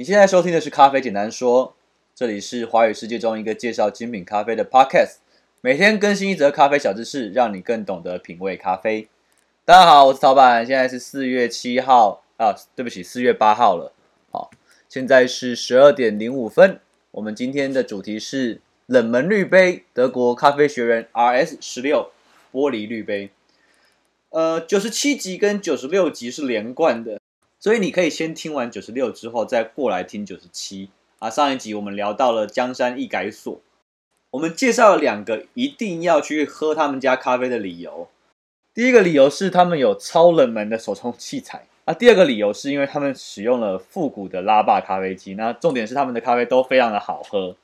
你現在收聽的是《咖啡簡單說》，這裡是華語世界中一個介紹精品咖啡的 podcast，每天更新一則咖啡小知識，讓你更懂得品味咖啡。大家好，我是曹板，現在是四月七號啊，對不起，四月八號了。好，現在是十二點零五分。我們今天的主題是冷門濾杯——德國咖啡學人 RS 十六玻璃濾杯。呃，九十七集跟九十六集是連貫的。所以你可以先聽完九十六之後，再過來聽九十七啊。上一集我們聊到了江山易改所，我們介紹了兩個一定要去喝他們家咖啡的理由。第一個理由是他們有超冷門的手沖器材啊，第二個理由是因為他們使用了復古的拉霸咖啡機。那重點是他們的咖啡都非常的好喝。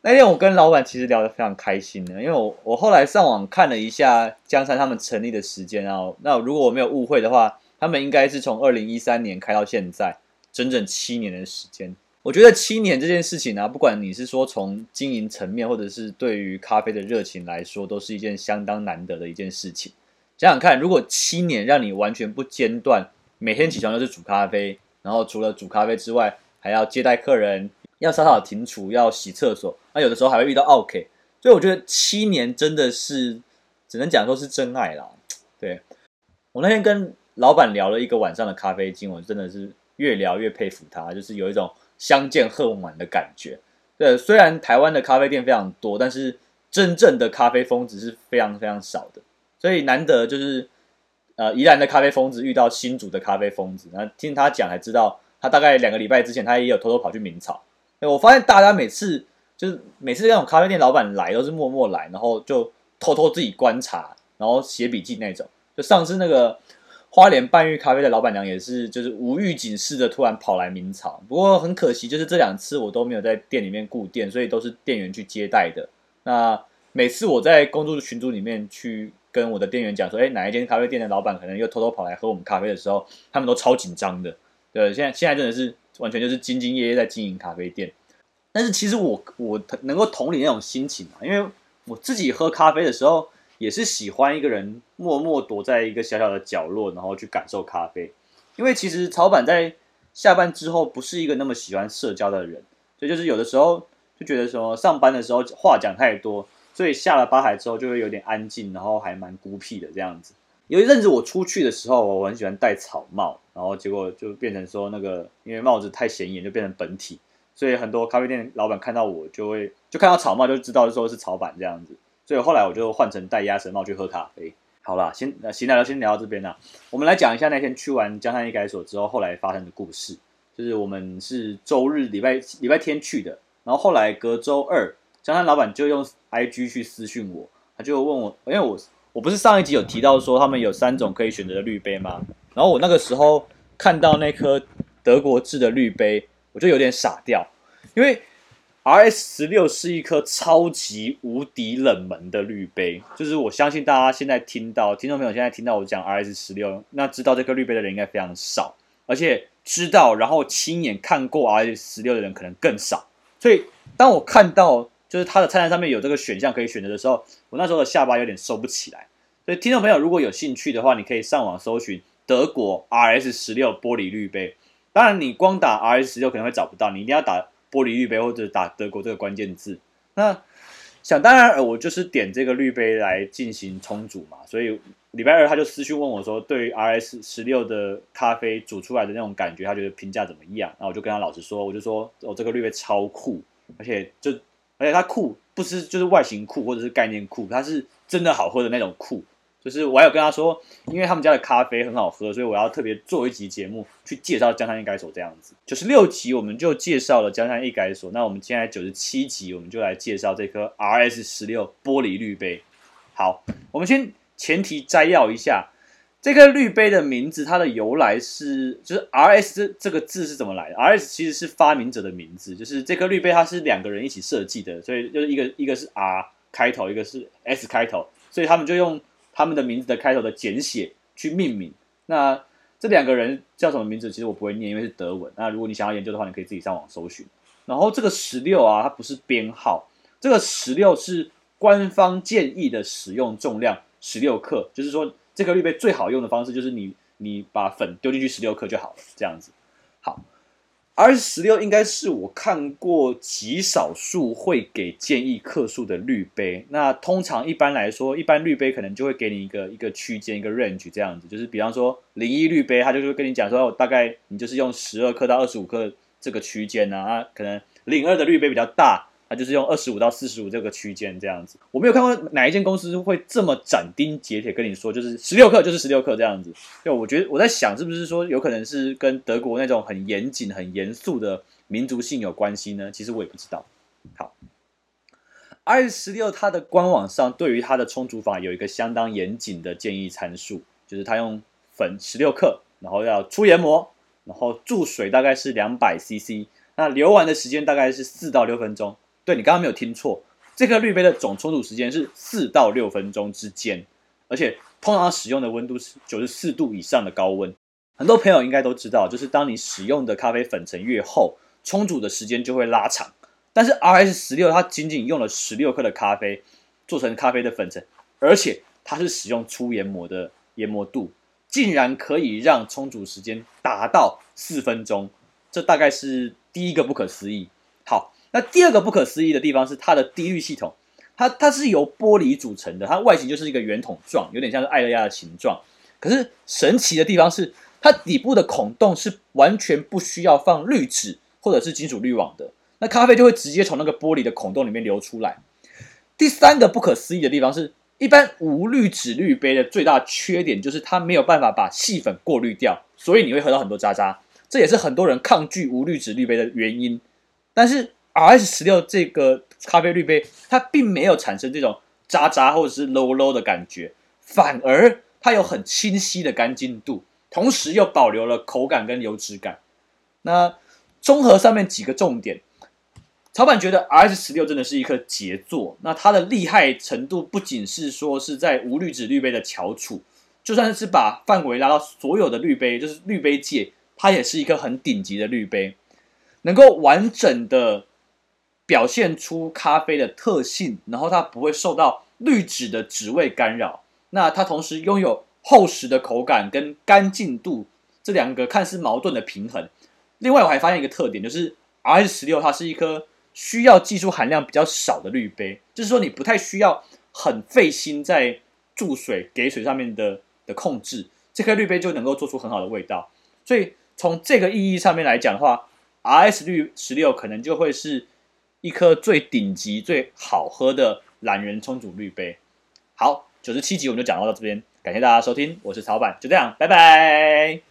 那天我跟老闆其實聊得非常開心的，因為我我後來上網看了一下江山他們成立的時間啊，那如果我沒有誤會的話，他們應該是從二零一三年開到現在，整整七年的時間。我覺得七年這件事情呢、啊，不管你是說，從經營層面，或者是對於咖啡的熱情來說，都是一件相當難得的一件事情。想想看，如果七年讓你完全不間斷，每天起床就是煮咖啡，然後除了煮咖啡之外，還要接待客人，要稍稍停廚，要洗廁所，那有的時候還會遇到奧客。所以我覺得七年真的是只能講說是真愛啦。對，我那天跟。老闆聊了一個晚上的咖啡經文，我真的是越聊越佩服他，就是有一種相見恨晚的感覺。對，雖然台灣的咖啡店非常多，但是真正的咖啡瘋子是非常非常少的，所以難得就是呃宜蘭的咖啡瘋子遇到新竹的咖啡瘋子，然後聽他講才知道，他大概兩個禮拜之前他也有偷偷跑去明草。我發現大家每次就是每次那種咖啡店老板來都是默默來，然後就偷偷自己觀察，然後寫筆記那種。就上次那個。花蓮半玉咖啡的老闆娘也是，就是無預警似的突然跑來明草。不過很可惜，就是這兩次我都沒有在店裡面顧店，所以都是店員去接待的。那每次我在工作群組裡面去跟我的店員講說：“哎，哪一間咖啡店的老闆可能又偷偷跑來喝我們咖啡的時候，他們都超緊張的。”對，現在現在真的是完全就是兢兢業業在經營咖啡店。但是其實我我能夠同理那種心情啊，因為我自己喝咖啡的時候。也是喜歡一個人默默躲在一個小小的角落，然後去感受咖啡。因為其實草板在下班之後不是一個那麼喜歡社交的人，所以就是有的時候就覺得說上班的時候話講太多，所以下了吧台之後就會有點安靜，然後還蠻孤僻的這樣子。有一陣子我出去的時候，我很喜歡戴草帽，然後結果就變成說那個因為帽子太顯眼就變成本體，所以很多咖啡店老板看到我就會就看到草帽就知道說是草板這樣子。所以後來我就換成戴鴨舌帽去喝咖啡。好啦，先那、呃、行了，那聊先聊到這邊啦。我們來講一下那天去完江山一改所之後，後來發生的故事。就是我們是周日禮拜禮拜天去的，然後後來隔周二，江山老板就用 IG 去私訊我，他就問我，因為我我不是上一集有提到說他們有三種可以選擇的濾杯嗎？然後我那個時候看到那顆德國制的濾杯，我就有點傻掉，因為。R S 十六是一顆超級無敵冷門的濾杯，就是我相信大家現在聽到聽眾朋友現在聽到我講 R S 十六，16，那知道這個濾杯的人應該非常少，而且知道然後親眼看過 R S 十六的人可能更少。所以當我看到就是它的菜單上面有這個選項可以選擇的時候，我那時候的下巴有點收不起來。所以聽眾朋友如果有興趣的話，你可以上網搜尋德國 R S 十六玻璃濾杯。當然你光打 R S 十六可能會找不到，你一定要打。玻璃濾杯或者打德國這個關鍵字，那想當然，我就是點這個濾杯來進行沖煮嘛。所以禮拜二他就私訊問我說，對於 R S 十六的咖啡煮出來的那種感覺，他覺得評價怎麼樣？然後我就跟他老實說，我就說我、哦、這個濾杯超酷，而且就而且它酷不是就是外形酷或者是概念酷，它是真的好喝的那種酷。就是我有跟他說，因為他們家的咖啡很好喝，所以我要特別做一集節目去介紹江山易改所這樣子。九十六集我們就介紹了江山易改所，那我們現在九十七集我們就來介紹這顆 R S 十六玻璃濾杯。好，我們先前提摘要一下這個濾杯的名字，它的由來是就是 R S 這這個字是怎麼來的？R S 其實是發明者的名字，就是這顆濾杯它是兩個人一起設計的，所以就是一個一個是 R 開頭，一個是 S 開頭，所以他們就用。他們的名字的開頭的簡寫去命名，那這兩個人叫什麼名字？其實我不會念，因為是德文。那如果你想要研究的話，你可以自己上網搜尋。然後這個十六啊，它不是編號，這個十六是官方建議的使用重量，十六克。就是說，這顆濾杯最好用的方式，就是你你把粉丟進去十六克就好了，這樣子。好。R 十六應該是我看過極少數會給建議克數的濾杯。那通常一般來說，一般濾杯可能就會給你一個一個區間，一個 range 這樣子。就是比方說零一濾杯，它就會跟你講說，哦，大概你就是用十二克到二十五克這個區間呢。啊，可能零二的濾杯比較大。它就是用二十五到四十五這個區間這樣子，我沒有看過哪一間公司會這麼斬釘截鐵跟你說，就是十六克就是十六克這樣子。就我覺得我在想是不是說有可能是跟德國那種很嚴謹、很嚴肅的民族性有關係呢？其實我也不知道。好，RS 十六它的官網上對於它的沖煮法有一個相當嚴謹的建議參數，就是它用粉十六克，然後要出研磨，然後注水大概是兩百 CC，那流完的時間大概是四到六分鐘。對你剛剛沒有聽錯，這顆濾杯的總沖煮時間是四到六分鐘之間，而且通常使用的溫度是九十四度以上的高溫。很多朋友應該都知道，就是當你使用的咖啡粉塵越厚，沖煮的時間就會拉長。但是 R S 十六它僅僅用了十六克的咖啡做成咖啡的粉塵，而且它是使用粗研磨的研磨度，竟然可以讓沖煮時間達到四分鐘，這大概是第一個不可思議。好。那第二個不可思議的地方是它的滴濾系統，它它是由玻璃組成的，它外形就是一個圓筒狀，有點像是愛樂壓的形狀。可是神奇的地方是，它底部的孔洞是完全不需要放濾紙或者是金屬濾網的，那咖啡就會直接從那個玻璃的孔洞裡面流出來。第三個不可思議的地方是，一般無濾紙濾杯的最大的缺點就是它沒有辦法把細粉過濾掉，所以你會喝到很多渣渣，這也是很多人抗拒無濾紙濾杯的原因。但是 R.S. 十六這個咖啡濾杯，它並沒有產生這種渣渣或者是 low low 的感覺，反而它有很清晰的乾淨度，同時又保留了口感跟油脂感。那綜合上面幾個重點，潮板覺得 R.S. 十六真的是一顆傑作。那它的厲害程度不僅是說是在無濾紙濾杯的翹楚，就算是把範圍拉到所有的濾杯，就是濾杯界，它也是一個很頂級的濾杯，能夠完整的。表現出咖啡的特性，然後它不會受到濾紙的紙味干擾。那它同時擁有厚實的口感跟乾淨度這兩個看似矛盾的平衡。另外，我還發現一個特點，就是 RS16 它是一顆需要技術含量比較少的濾杯，就是說你不太需要很費心在注水給水上面的的控制，這顆濾杯就能夠做出很好的味道。所以從這個意義上面來講的話，RS16 可能就會是。一顆最頂級、最好喝的懶人沖煮濾杯。好，九十七集我們就講到到這邊，感謝大家收聽，我是曹板，就這樣，拜拜。